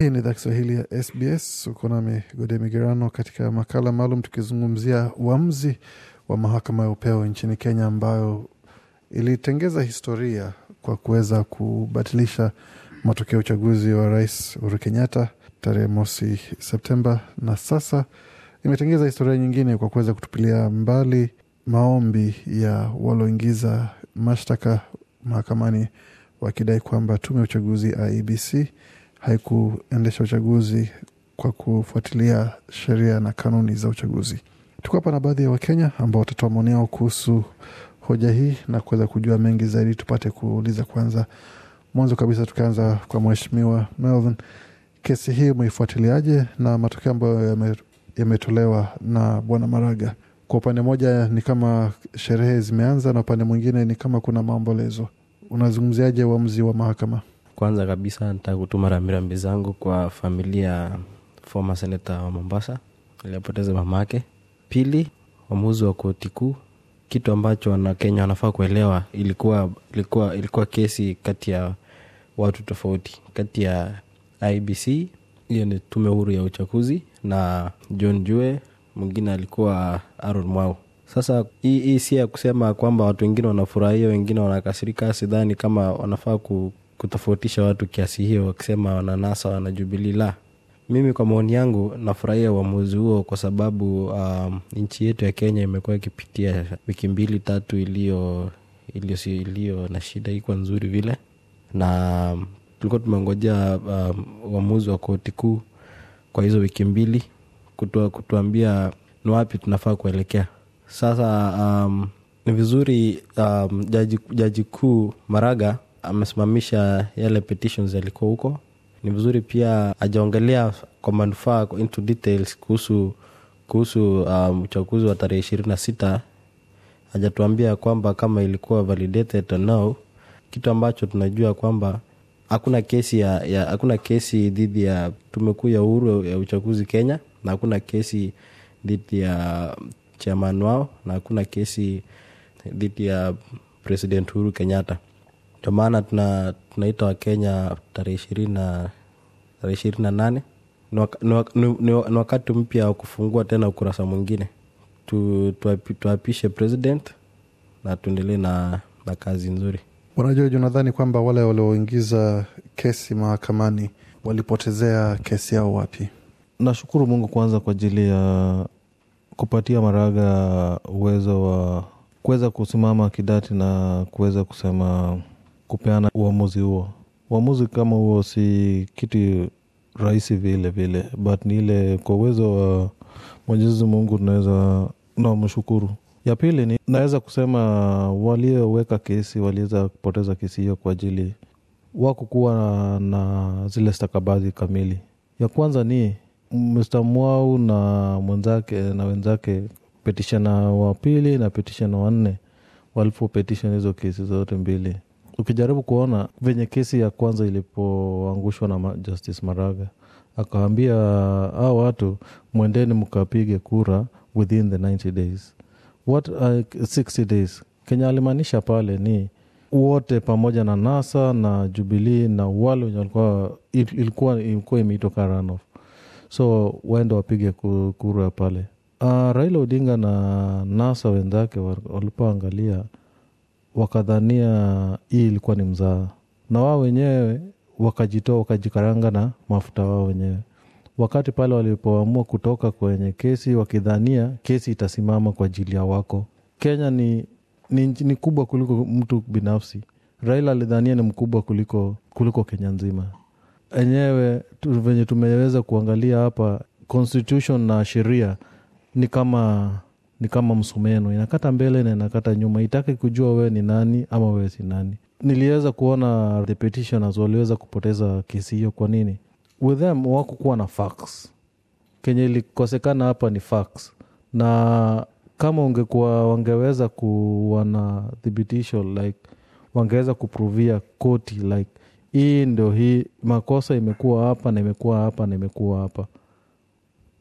Hii ni idhaa Kiswahili ya SBS. Uko nami Gode Migerano katika makala maalum tukizungumzia uamuzi wa mahakama ya upeo nchini Kenya ambayo ilitengeza historia kwa kuweza kubatilisha matokeo ya uchaguzi wa Rais Uhuru Kenyatta tarehe mosi Septemba, na sasa imetengeza historia nyingine kwa kuweza kutupilia mbali maombi ya walioingiza mashtaka mahakamani wakidai kwamba tume ya uchaguzi IEBC haikuendesha uchaguzi kwa kufuatilia sheria na kanuni za uchaguzi. Tuko hapa na baadhi ya Wakenya ambao watatoa maoni yao kuhusu hoja hii na kuweza kujua mengi zaidi. Tupate kuuliza kwanza, mwanzo kabisa, tukianza kwa Mheshimiwa Melvin, kesi hii umeifuatiliaje na matokeo ambayo yametolewa na Bwana Maraga? Kwa upande mmoja ni kama sherehe zimeanza na upande mwingine ni kama kuna maombolezo. Unazungumziaje uamuzi wa mahakama? kwanza kabisa nataka kutuma rambirambi zangu kwa familia ya former seneta wa Mombasa aliyepoteza mamake. Pili, wamuzi wa koti kuu, kitu ambacho Wanakenya wanafaa kuelewa, ilikuwa, ilikuwa, ilikuwa kesi kati ya watu tofauti, kati ya IBC, hiyo ni tume huru ya uchaguzi, na John Jue, mwingine alikuwa aron Mwau. Sasa hii si ya kusema kwamba watu wengine wanafurahia, wengine wanakasirika. Sidhani kama wanafaa kutofautisha watu kiasi hiyo wakisema wananasa wanajubili la mimi kwa maoni yangu nafurahia uamuzi huo kwa sababu um, nchi yetu ya kenya imekuwa ikipitia wiki mbili tatu iliyo iliyo na shida ikwa nzuri vile na um, tulikuwa tumeongojea um, uamuzi um, wa koti kuu kwa hizo wiki mbili kutua, kutuambia ni wapi tunafaa kuelekea sasa um, ni vizuri um, jaji, jaji kuu maraga amesimamisha yale petitions yalikuwa huko. Ni vizuri pia ajaongelea kwa manufaa into details kuhusu kuhusu um, uchaguzi um, wa tarehe ishirini na sita ajatuambia kwamba kama ilikuwa validated or no, kitu ambacho tunajua kwamba hakuna kesi ya, ya hakuna kesi dhidi ya tume kuu ya uhuru ya uchaguzi Kenya, na hakuna kesi dhidi ya chairman wao, na hakuna kesi dhidi ya President Uhuru Kenyatta ndio maana tuna, tunaita wakenya tarehe ishirini na tarehe ishirini na nane ni, wakati mpya wa kufungua tena ukurasa mwingine tuapishe tu, tu president na tuendelee na, na kazi nzuri wanajoji unadhani kwamba wale walioingiza kesi mahakamani walipotezea kesi yao wapi nashukuru mungu kwanza kwa ajili ya kupatia maraga uwezo wa kuweza kusimama kidati na kuweza kusema kupeana uamuzi huo. Uamuzi kama huo si kitu rahisi vile vile, but ni ile kwa uwezo wa Mwenyezi Mungu tunaweza namshukuru. Ya pili ni naweza kusema walioweka kesi waliweza kupoteza kesi hiyo kwa ajili wakukuwa na, na zile stakabadhi kamili. Ya kwanza ni mstamwau na mwenzake na wenzake petishana wa pili na petishana wanne walipopetishan walipo hizo kesi zote mbili ukijaribu kuona venye kesi ya kwanza ilipoangushwa na Justice Maraga akawambia aa ah, watu mwendeni mkapige kura within the 90 days what uh, 60 days kenya alimaanisha pale ni wote pamoja na nasa na jubilii na wale wenye walikuwa ilikuwa imeitoka so waende wapige kura pale uh, raila odinga na nasa wenzake walipoangalia wakadhania hii ilikuwa ni mzaa na wao wenyewe wakajitoa wakajikaranga na mafuta wao wenyewe wakati pale walipoamua kutoka kwenye kesi wakidhania kesi itasimama kwa ajili ya wako kenya ni, ni, ni kubwa kuliko mtu binafsi raila alidhania ni mkubwa kuliko, kuliko kenya nzima enyewe venye tumeweza kuangalia hapa constitution na sheria ni kama ni kama msumeno inakata mbele na inakata nyuma itake kujua wewe ni nani ama wewe si nani niliweza kuona the petitioners waliweza kupoteza kesi hiyo kwa nini with them wakukuwa na fax kenye ilikosekana hapa ni fax na kama ungekuwa wangeweza kuwa na thibitisho like wangeweza kupruvia koti like hii ndio hii makosa imekuwa hapa na imekuwa hapa na imekuwa hapa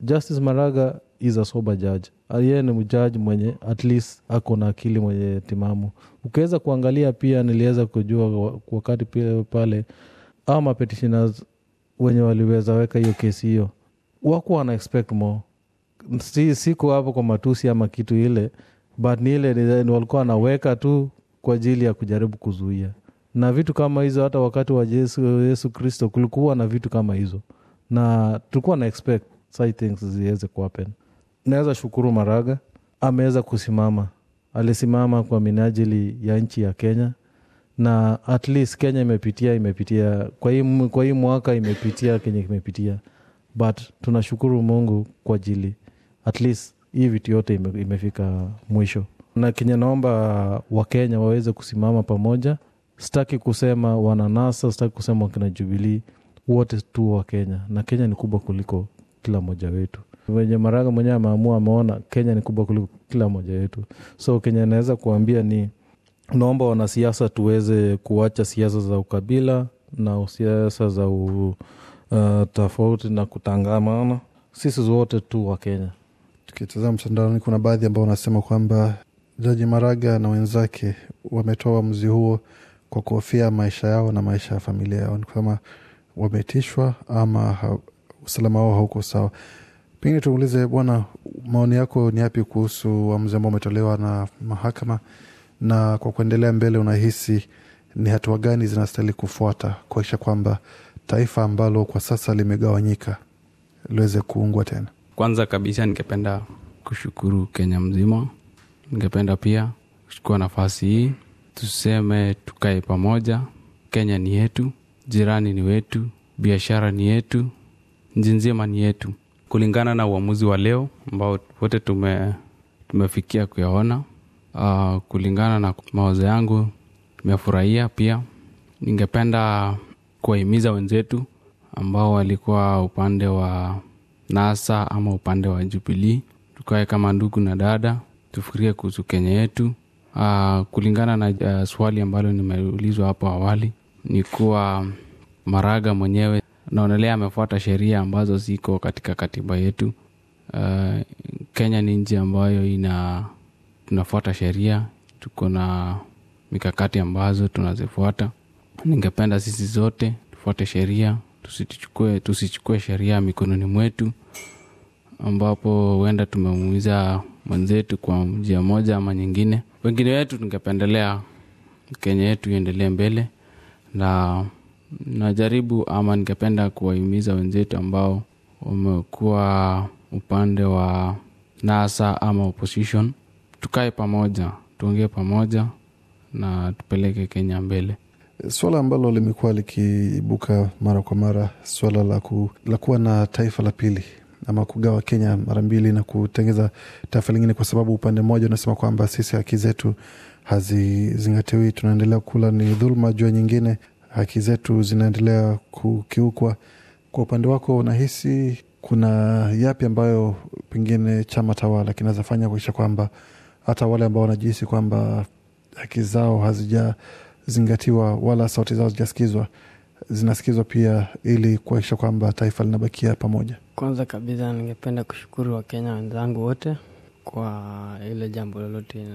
justice maraga is a judge yeye ni mjaji mwenye at least ako na akili mwenye timamu ukiweza kuangalia pia niliweza kujua wakati pale aa petitioners wenye waliweza weka hiyo kesi hiyo wako wana expect more si, hapo kwa matusi ama kitu ile but ni ile walikuwa wanaweka tu kwa ajili ya kujaribu kuzuia na vitu kama hizo hata wakati wa yesu, yesu kristo kulikuwa na vitu kama hizo na tulikuwa na expect things ziweze kuhappen naweza shukuru Maraga ameweza kusimama, alisimama kwa minajili ya nchi ya Kenya na at least Kenya imepitia imepitia kwa hii, kwa hii mwaka imepitia Kenya imepitia, but tunashukuru Mungu kwa ajili at least hii vitu yote ime, imefika mwisho, na Kenya naomba Wakenya waweze kusimama pamoja. Sitaki kusema wananasa, sitaki kusema wakina Jubilii, wote tu wa Kenya na Kenya ni kubwa kuliko kila mmoja wetu. Venye Maraga mwenyewe ameamua, ameona Kenya ni kubwa kuliko kila moja yetu, so Kenya inaweza kuambia ni naomba wanasiasa tuweze kuacha siasa za ukabila na siasa za uh, tofauti na kutangamana. Sisi zote tu wa Kenya. Tukitazama mtandaoni, kuna baadhi ambao wanasema kwamba Jaji Maraga na wenzake wametoa uamuzi huo kwa kuhofia maisha yao na maisha ya familia yao, ni kama wametishwa ama usalama wao hauko sawa. Pengine tuulize bwana, maoni yako ni yapi kuhusu uamuzi ambao umetolewa na mahakama, na kwa kuendelea mbele, unahisi ni hatua gani zinastahili kufuata kuakisha kwamba taifa ambalo kwa sasa limegawanyika liweze kuungwa tena? Kwanza kabisa, ningependa kushukuru Kenya mzima. Ningependa pia kuchukua nafasi hii tuseme, tukae pamoja. Kenya ni yetu, jirani ni wetu, biashara ni yetu, nchi nzima ni yetu kulingana na uamuzi wa leo ambao wote tume, tumefikia kuyaona. Uh, kulingana na mawazo yangu imefurahia pia. Ningependa kuwahimiza wenzetu ambao walikuwa upande wa NASA ama upande wa Jubilii, tukawe kama ndugu na dada, tufikirie kuhusu Kenya yetu. Uh, kulingana na uh, swali ambalo nimeulizwa hapo awali, ni kuwa Maraga mwenyewe naonelea amefuata sheria ambazo ziko katika katiba yetu uh, kenya ni nchi ambayo ina tunafuata sheria tuko na mikakati ambazo tunazifuata ningependa sisi zote tufuate sheria tusichukue tusichukue sheria mikononi mwetu ambapo huenda tumemuiza mwenzetu kwa njia moja ama nyingine wengine wetu tungependelea kenya yetu iendelee mbele na najaribu ama ningependa kuwahimiza wenzetu ambao wamekuwa upande wa NASA ama opposition, tukae pamoja, tuongee pamoja na tupeleke Kenya mbele. Swala ambalo limekuwa likiibuka mara kwa mara, swala la, ku, la kuwa na taifa la pili ama kugawa Kenya mara mbili na kutengeza taifa lingine, kwa sababu upande mmoja unasema kwamba sisi haki zetu hazizingatiwi, tunaendelea kula ni dhuluma jua nyingine, haki zetu zinaendelea kukiukwa. Kwa upande wako, unahisi kuna yapi ambayo pengine chama tawala kinaweza fanya kwamba hata wale ambao wanajihisi kwamba haki zao hazijazingatiwa wala sauti zao zijasikizwa zinasikizwa pia, ili kuhakikisha kwamba taifa linabakia pamoja? Kwanza kabisa, ningependa kushukuru Wakenya wenzangu wote kwa ile jambo lolote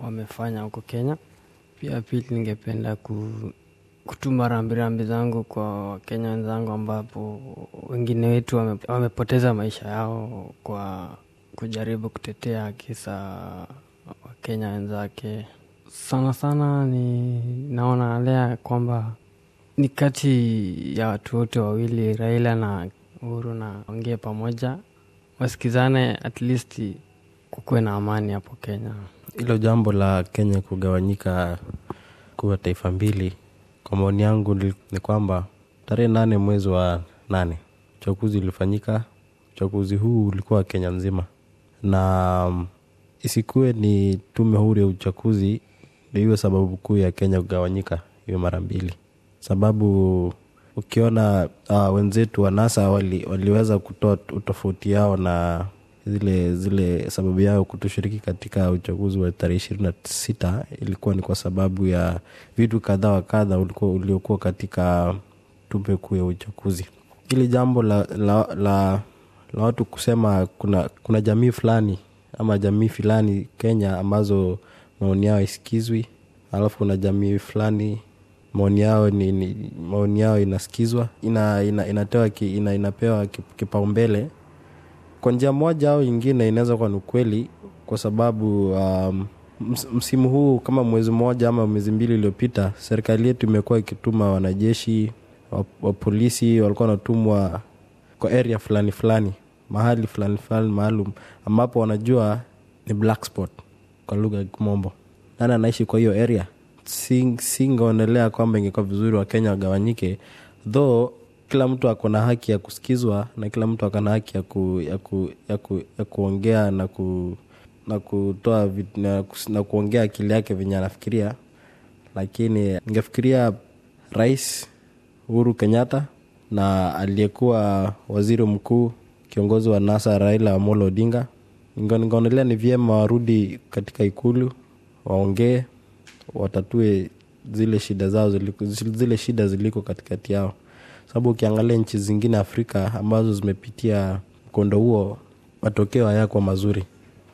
wamefanya huko Kenya. Pia pili, ningependa ku kutuma rambirambi zangu kwa wakenya wenzangu ambapo wengine wetu wamepoteza maisha yao kwa kujaribu kutetea haki za wakenya wenzake sana sana ni naona lea kwamba ni kati ya watu wote wawili raila na uhuru na ongee pamoja wasikizane at least kukuwe na amani hapo kenya hilo jambo la kenya kugawanyika kuwa taifa mbili kwa maoni yangu ni kwamba tarehe nane mwezi wa nane uchaguzi ulifanyika uchaguzi huu ulikuwa Kenya nzima na mm, isikue ni tume huru ya uchaguzi ndio iwe sababu kuu ya Kenya kugawanyika hiyo mara mbili, sababu ukiona uh, wenzetu wa NASA wali, waliweza kutoa utofauti yao na zile zile sababu yao kutoshiriki katika uchaguzi wa tarehe ishirini na sita ilikuwa ni kwa sababu ya vitu kadha wa kadha uliokuwa katika tume kuu ya uchaguzi hili jambo la, la, la, la watu kusema kuna, kuna jamii fulani ama jamii fulani kenya ambazo maoni yao isikizwi alafu kuna jamii fulani maoni yao ni, ni maoni yao inasikizwa ina, ina, inatewa ki, ina, inapewa kipaumbele kwa njia moja au ingine inaweza kuwa ni ukweli kwa sababu um, msimu huu kama mwezi mmoja ama mwezi mbili iliyopita, serikali yetu imekuwa ikituma wanajeshi wa, wa polisi walikuwa wanatumwa kwa area fulani fulani mahali fulani fulani maalum ambapo wanajua ni black spot kwa lugha ya Kimombo. Nani anaishi kwa hiyo area? Singeonelea kwamba ingekuwa vizuri Wakenya wagawanyike, though kila mtu ako na haki ya kusikizwa na kila mtu na haki ya, ku, ya, ku, ya, ku, ya kuongea na ku na kutoa na, na kuongea akili yake venye anafikiria lakini ningefikiria rais uhuru kenyatta na aliyekuwa waziri mkuu kiongozi wa nasa raila amolo odinga nikaonelea ni vyema warudi katika ikulu waongee watatue zile shida zao zile shida ziliko katikati yao sababu ukiangalia nchi zingine Afrika ambazo zimepitia mkondo huo, matokeo hayakwa mazuri.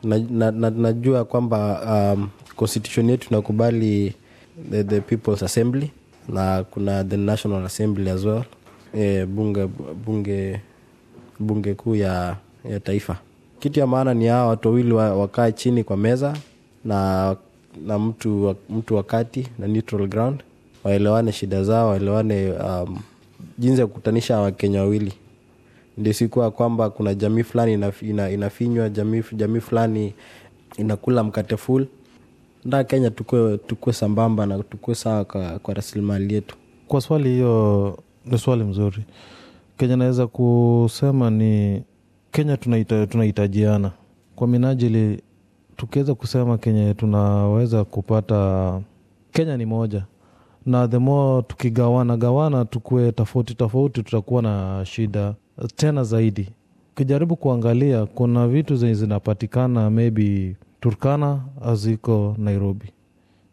Na, na, na, najua kwamba um, constitution yetu inakubali the, the People's Assembly na kuna the National Assembly as well e, bunge, bunge, bunge kuu ya, ya taifa. Kitu ya maana ni hawa watu wawili wakae chini kwa meza na, na mtu, mtu wakati na neutral ground waelewane shida zao waelewane um, jinsi ya kukutanisha wakenya wawili ndio sikuwa kwamba kuna jamii fulani ina, ina, inafinywa jamii, fulani inakula mkate ful nda kenya tukue, tukue sambamba na tukue sawa kwa, kwa rasilimali yetu kwa swali hiyo ni swali mzuri kenya naweza kusema ni kenya tunahitajiana kwa minajili tukiweza kusema kenye tunaweza kupata kenya ni moja na themo tukigawana gawana tukue tofauti tofauti, tutakuwa na shida tena zaidi. Ukijaribu kuangalia, kuna vitu zenye zinapatikana maybe Turkana aziko Nairobi,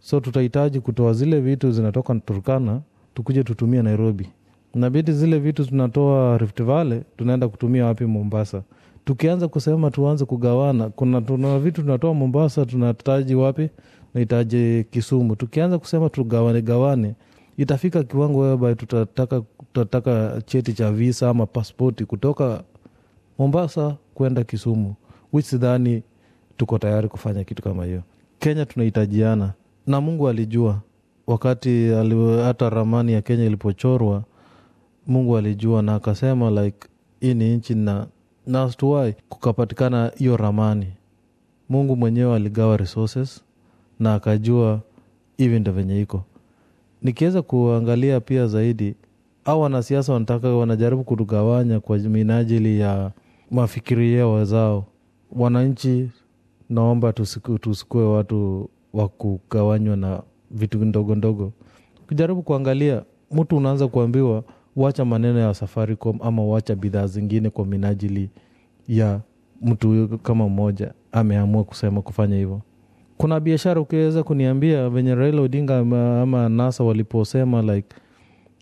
so tutahitaji kutoa zile vitu zinatoka Turkana tukuje tutumie Nairobi. Nabidi zile vitu tunatoa Rift Valley tunaenda kutumia wapi? Mombasa. Tukianza kusema tuanze kugawana, kuna tuna vitu tunatoa Mombasa tunataji wapi? nahitaji Kisumu, tukianza kusema tugawane gawane, itafika kiwango whereby tutataka, tutataka cheti cha visa ama paspoti kutoka Mombasa kwenda Kisumu, which sidhani tuko tayari kufanya kitu kama hiyo. Kenya tunahitajiana na Mungu alijua wakati hata ramani ya Kenya ilipochorwa, Mungu alijua na akasema like hii ni nchi na nastuwai kukapatikana hiyo ramani. Mungu mwenyewe aligawa resources na akajua hivi ndo venye iko. Nikiweza kuangalia pia zaidi, au wanasiasa wanataka, wanajaribu kutugawanya kwa minajili ya mafikiri yao Wananchi, naomba tusikue watu wa kugawanywa na vitu ndogo ndogo. kujaribu kuangalia, mtu unaanza kuambiwa wacha maneno ya Safaricom ama wacha bidhaa zingine kwa minajili ya mtu huyo, kama mmoja ameamua kusema kufanya hivyo kuna biashara ukiweza kuniambia venye raila odinga ama, ama nasa waliposema like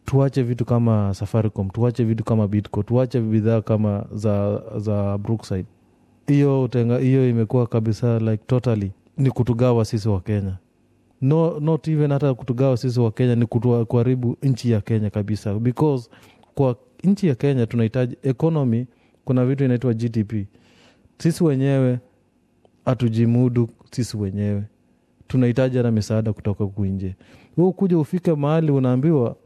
tuache vitu kama safaricom tuache vitu kama bitco tuache bidhaa kama za za brookside hiyo utenga hiyo imekuwa kabisa like totally ni kutugawa sisi wa kenya no, not even hata kutugawa sisi wa kenya ni kuharibu nchi ya kenya kabisa because kwa nchi ya kenya tunahitaji economy kuna vitu inaitwa gdp sisi wenyewe hatujimudu sisi wenyewe tunahitaji hata misaada kutoka kuinje we ukuja ufike mahali unaambiwa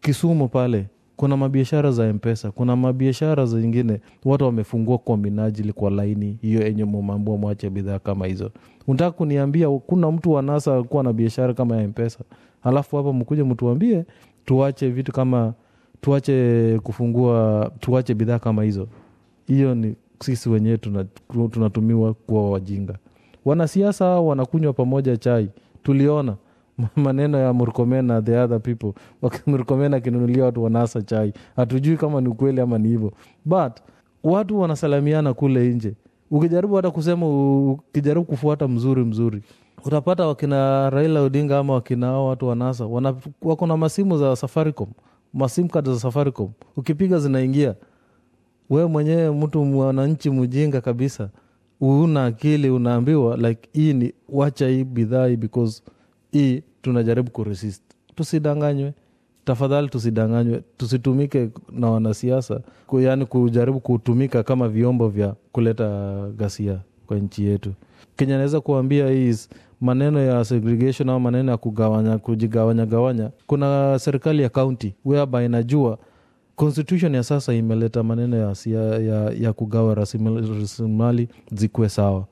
kisumo pale kuna mabiashara za mpesa kuna mabiashara zingine watu wamefungua kwa minajili kwa laini hiyo enye mumambua mwache bidhaa kama hizo unataka kuniambia kuna mtu wa nasa kuwa na biashara kama ya mpesa halafu hapa mkuja mtuambie tuache vitu kama tuache kufungua tuache bidhaa kama hizo hiyo ni sisi wenyewe tunatumiwa kuwa wajinga wanasiasa hao wanakunywa pamoja chai tuliona maneno ya murkomen na the other people murkomen akinunulia watu wanasa chai hatujui kama ni ukweli ama ni hivyo but watu wanasalamiana kule nje ukijaribu hata kusema ukijaribu kufuata mzuri mzuri utapata wakina raila odinga ama wakina ao watu wanasa wako na masimu za safaricom masimu kadi za safaricom ukipiga zinaingia we mwenyewe mtu mwananchi mjinga kabisa una akili unaambiwa like hii ni wacha hii bidhaa hii because hii tunajaribu kuresist tusidanganywe tafadhali tusidanganywe tusitumike na wanasiasa yaani kujaribu kutumika kama vyombo vya kuleta ghasia kwa nchi yetu kenya naweza kuambia is maneno ya segregation au maneno ya kugawanya kujigawanya gawanya kuna serikali ya kaunti whereby inajua constitution ya sasa imeleta maneno ya, ya, ya, ya kugawa rasilimali zikuwe sawa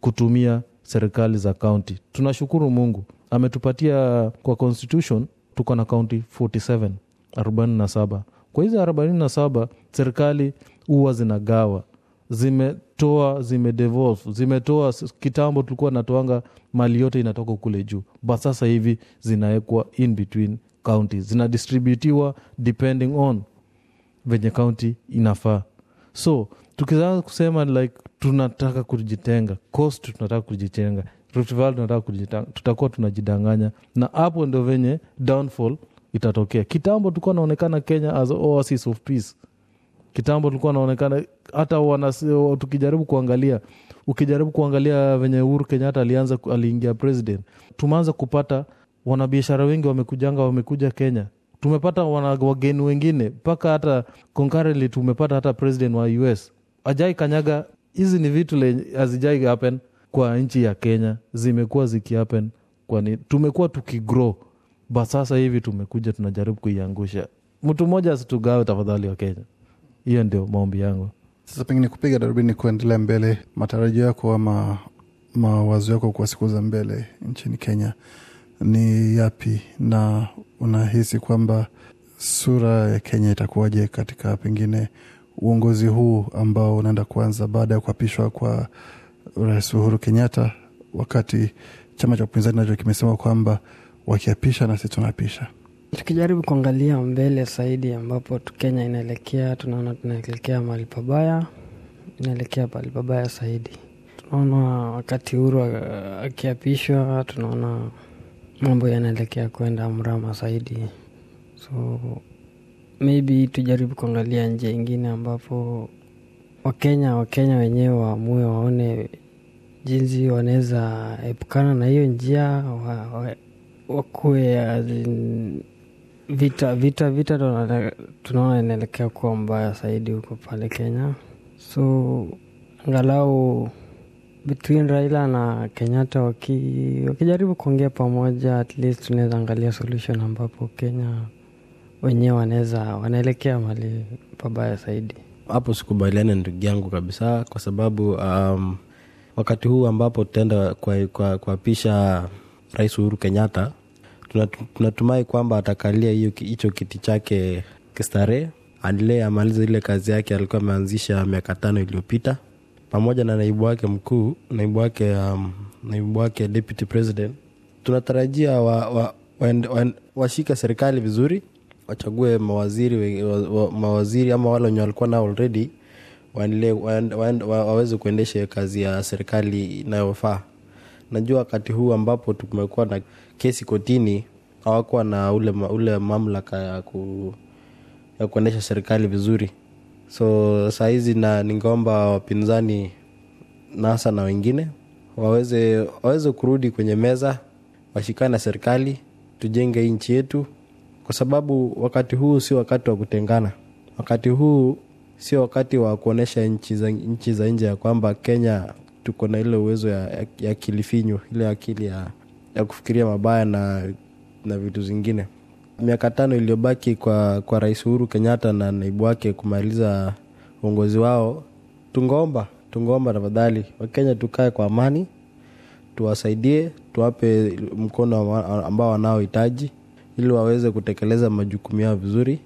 kutumia serikali za kaunti tunashukuru mungu ametupatia kwa constitution tuko na kaunti 47 47 kwa hizi 47 serikali huwa zinagawa zimetoa zimedevolve zimetoa kitambo tulikuwa natoanga mali yote inatoka kule juu but sasa hivi zinawekwa in between kaunti zinadistributiwa depending on venye kaunti inafaa so tukizaa kusema like tunataka kujitenga coast tunataka kujitenga tunataka kujitenga tutakuwa tunajidanganya na hapo ndo venye downfall itatokea kitambo tulikuwa naonekana kenya as oasis of peace kitambo tulikuwa naonekana hata wanas, tukijaribu kuangalia ukijaribu kuangalia venye uhuru kenya alianza aliingia president tumeanza kupata wanabiashara wengi wamekujanga wamekuja kenya tumepata wageni wengine mpaka hata concurrently tumepata hata president wa us ajai kanyaga hizi ni vitu hazijai happen kwa nchi ya kenya zimekuwa zikihappen kwani tumekuwa tukigrow ba sasa hivi tumekuja tunajaribu kuiangusha mtu mmoja asitugawe tafadhali wa kenya hiyo ndio maombi yangu sasa pengine kupiga darubini kuendelea mbele matarajio yako ama mawazo yako kwa siku za mbele nchini kenya ni yapi na unahisi kwamba sura ya Kenya itakuwaje katika pengine uongozi huu ambao unaenda kuanza baada ya kuapishwa kwa Rais Uhuru Kenyatta, wakati chama cha upinzani nacho kimesema kwamba wakiapisha nasi tunaapisha. Tukijaribu kuangalia mbele zaidi, ambapo Kenya inaelekea, tunaona tunaelekea mahali pabaya, inaelekea pahali pabaya zaidi. Tunaona wakati Uhuru akiapishwa, tunaona mambo yanaelekea kwenda mrama zaidi so maybe tujaribu kuangalia njia ingine ambapo wakenya wakenya wenyewe waamue waone jinsi wanaweza epukana na hiyo njia wa, wa, vita vita vita tunaona inaelekea kuwa mbaya zaidi huko pale kenya so angalau between Raila na Kenyatta wakijaribu waki kuongea pamoja, at least tunaweza angalia solution ambapo Kenya wenyewe wanaweza wanaelekea mali pabaya zaidi. Hapo sikubaliana ndugu yangu kabisa, kwa sababu um, wakati huu ambapo tutaenda kuapisha kwa, Rais Uhuru Kenyatta, tunatumai kwamba atakalia hicho kiti chake kistarehe, aendelee amalize ile kazi yake alikuwa ameanzisha miaka tano iliyopita pamoja na naibu wake mkuu, naibu wake, um, naibu wake deputy president. Tunatarajia wa, wa, washike serikali vizuri, wachague mawaziri, wa, wa, mawaziri ama wale wenye walikuwa nao already waweze kuendesha kazi ya serikali inayofaa. Najua wakati huu ambapo tumekuwa na kesi kotini hawakuwa na ule, ule mamlaka ya, ku, ya kuendesha serikali vizuri so sahizi na ningomba wapinzani nasa na wengine waweze, waweze kurudi kwenye meza washikane na serikali tujenge hii nchi yetu kwa sababu wakati huu sio wakati wa kutengana wakati huu sio wakati wa kuonyesha nchi za, nchi za nje ya kwamba kenya tuko na ile uwezo ya, ya, ya kilifinyu ile akili ya, ya kufikiria mabaya na, na vitu zingine miaka tano iliyobaki kwa, kwa Rais Uhuru Kenyatta na naibu wake kumaliza uongozi wao, tungeomba tungomba tafadhali Wakenya tukae kwa amani, tuwasaidie, tuwape mkono ambao wanaohitaji ili waweze kutekeleza majukumu yao vizuri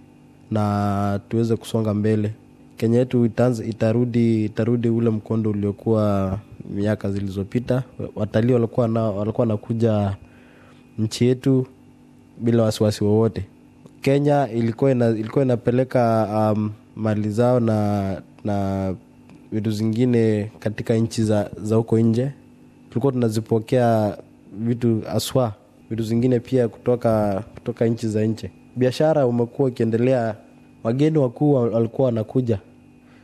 na tuweze kusonga mbele. Kenya yetu itarudi, itarudi ule mkondo uliokuwa miaka zilizopita. Watalii walikuwa wanakuja nchi yetu bila wasiwasi wowote. Kenya ilikuwa, ina, inapeleka um, mali zao na na vitu zingine katika nchi za, za huko nje. Tulikuwa tunazipokea vitu aswa vitu zingine pia kutoka, kutoka nchi za nje. Biashara umekuwa ukiendelea, wageni wakuu walikuwa wanakuja,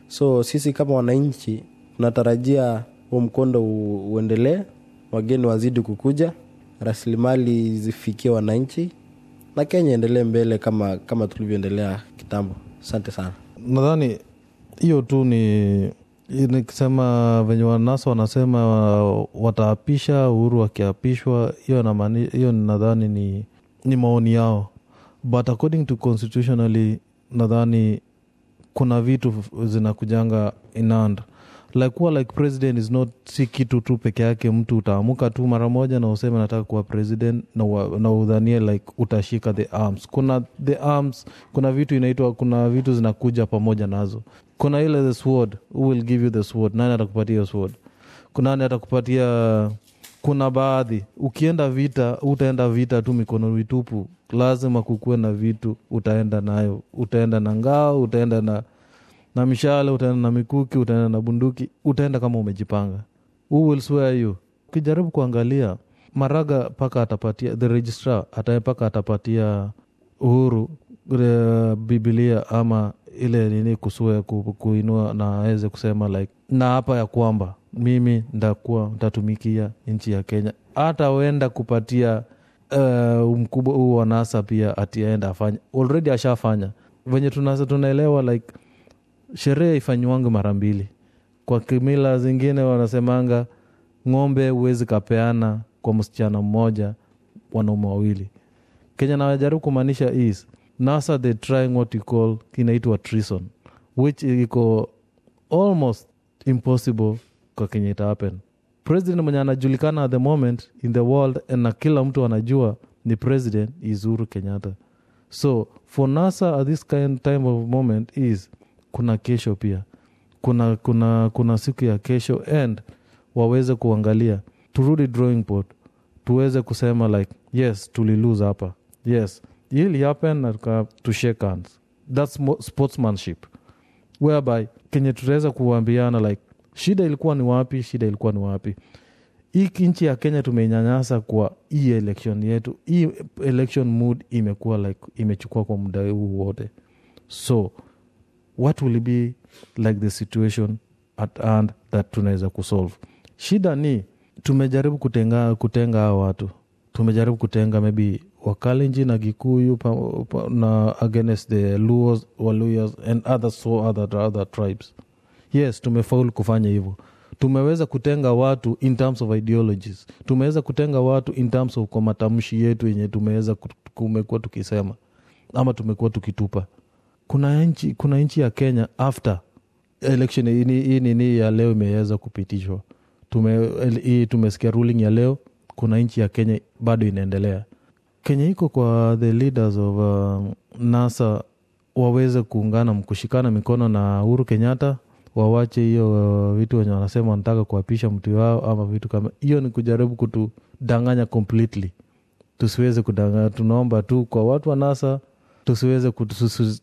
so sisi kama wananchi tunatarajia huu mkondo uendelee, wageni wazidi kukuja, rasilimali zifikie wananchi na kenya endelee mbele kama kama tulivyoendelea kitambo asante sana nadhani hiyo tu ni nikisema venye wanasa wanasema wataapisha uhuru wakiapishwa hiyo nadhani ni, ni maoni yao but according to constitutionally nadhani kuna vitu zinakujanga inand like kuwa like president is not si kitu tu peke yake mtu utaamuka tu mara moja na useme nataka kuwa president na, udhanie like utashika the arms kuna the arms kuna vitu inaitwa kuna vitu zinakuja pamoja nazo kuna ile the sword who will give you the sword nani atakupatia hiyo sword kunani atakupatia kuna baadhi ukienda vita utaenda vita tu mikono mitupu lazima kukuwe na vitu utaenda nayo utaenda na ngao utaenda na na mishale utaenda na mikuki utaenda na bunduki utaenda kama umejipanga who ukijaribu kuangalia maraga paka atapatia the registrar paka atapatia uhuru eh, bibilia ama ile nini kusue kuinua na aweze kusema like na hapa ya kwamba mimi ndakuwa ntatumikia nchi ya kenya hata wenda kupatia uh, mkubwa huu wa nasa pia atienda afanye already ashafanya venye tunaelewa like sherehe ifanyiwangi mara mbili. Kwa kimila zingine wanasemanga ng'ombe huwezi kapeana kwa msichana mmoja wanaume wawili. Kenya nawajaribu kumaanisha is NASA the trying what you call inaitwa trison which iko almost impossible kwa Kenya ita happen. President mwenye anajulikana at the moment in the world na kila mtu anajua ni president izuru Kenyatta. So for NASA at this kind time of moment is kuna kesho pia kuna, kuna, kuna siku ya kesho and waweze kuangalia turudi drawing board tuweze kusema like yes tulilose hapa yes hili happen na tushake hands thats sportsmanship whereby kenye tutaweza kuambiana like shida ilikuwa ni wapi shida ilikuwa ni wapi hii nchi ya kenya tumeinyanyasa kwa hii election yetu hii election mood imekuwa like imechukua kwa muda huu wote so what will be like the situation at hand that tunaweza kusolve shida ni tumejaribu kutenga kutenga hawa watu tumejaribu kutenga maybe wakalenji na gikuyu pa, pa, na against the luos waluyas and other so other, other tribes yes tumefaulu kufanya hivyo tumeweza kutenga watu in terms of ideologies tumeweza kutenga watu in terms of kwa matamshi yetu yenye tumeweza kumekuwa tukisema ama tumekuwa tukitupa kuna nchi kuna nchi ya kenya after election hii nini ya leo imeweza kupitishwa tume, hii tumesikia ruling ya leo kuna nchi ya kenya bado inaendelea kenya iko kwa the leaders of uh, nasa waweze kuungana kushikana mikono na uhuru kenyatta wawache hiyo uh, vitu wenye wanasema wanataka kuapisha mtu wao ama vitu kama hiyo ni kujaribu kutudanganya completely tusiweze kudanganya tunaomba tu kwa watu wa nasa tusiweze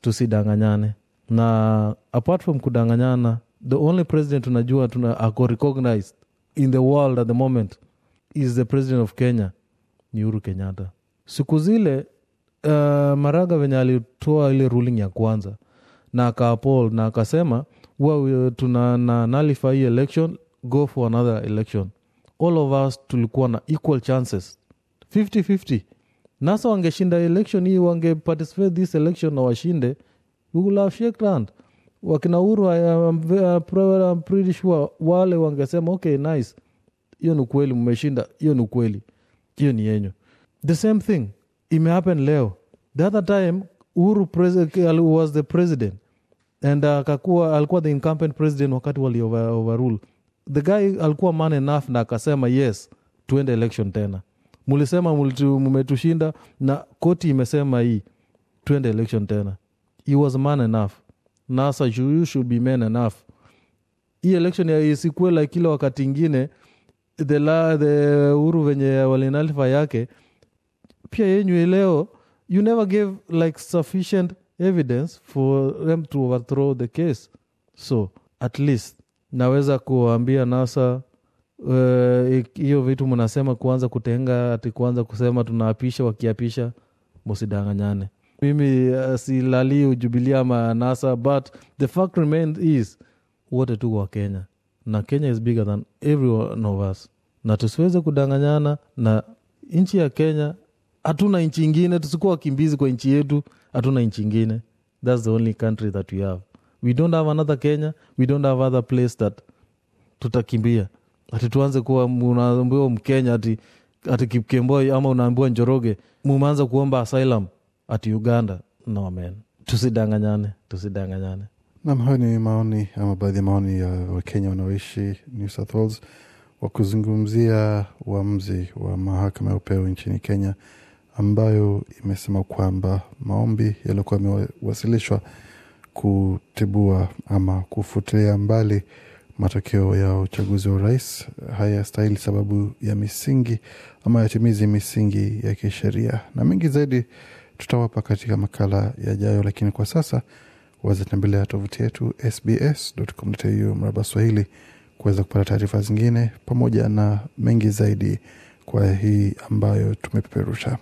tusidanganyane na apart from kudanganyana the only president unajua tuna ako recognized in the world at the moment is the president of kenya ni uru kenyatta siku zile uh, maraga venye alitoa ile ruling ya kwanza na akaapol na akasema well, tuna na nalifa hii election go for another election all of us tulikuwa na equal chances 50 nasa wangeshinda election hii wangeparticipate this election na washinde we shake hand wakina uru I'm pretty sure wale wangesema okay nice hiyo ni kweli mmeshinda hiyo ni kweli hiyo ni yenyu the same thing imehappen leo the other time uhuru was the president and uh, akakuwa uh, alikuwa the incumbent president wakati wali overrule the guy alikuwa man enough na akasema yes tuende election tena mulisema mumetushinda na koti imesema hii twende election tena he was man enough nasa you should be man enough hii election isikuwe like kila wakati ingine the, la, the uru venye walinalifa yake pia yenywe leo you never gave like sufficient evidence for them to overthrow the case so at least naweza kuwaambia nasa Eh, hiyo uh, vitu mnasema kuanza kutenga ati kuanza kusema tunaapisha wakiapisha musidanganyane mimi uh, eh, silali ujubilia ama nasa but the fact remains is wote tu wa kenya na kenya is bigger than every one of us na tusiweze kudanganyana na nchi ya kenya hatuna nchi ingine tusikuwa wakimbizi kwa nchi yetu hatuna nchi ingine thats the only country that we have we don't have another kenya we don't have other place that tutakimbia ati tuanze kuwa unaambiwa mkenya ati ati kipkemboi ama unaambiwa njoroge mumeanza kuomba asylum ati uganda no man tusidanganyane tusidanganyane nam hayo ni maoni ama baadhi ya maoni ya wakenya wanaoishi new south wales wakuzungumzia wa mahakama ya upeo nchini kenya ambayo imesema kwamba maombi yaliyokuwa yamewasilishwa kutibua ama kufutilia mbali matokeo ya uchaguzi wa urais hayastahili sababu ya misingi ama yatimizi misingi ya kisheria, na mengi zaidi tutawapa katika makala yajayo, lakini kwa sasa wazitembelea tovuti yetu sbscu mraba Swahili kuweza kupata taarifa zingine pamoja na mengi zaidi kwa hii ambayo tumepeperusha.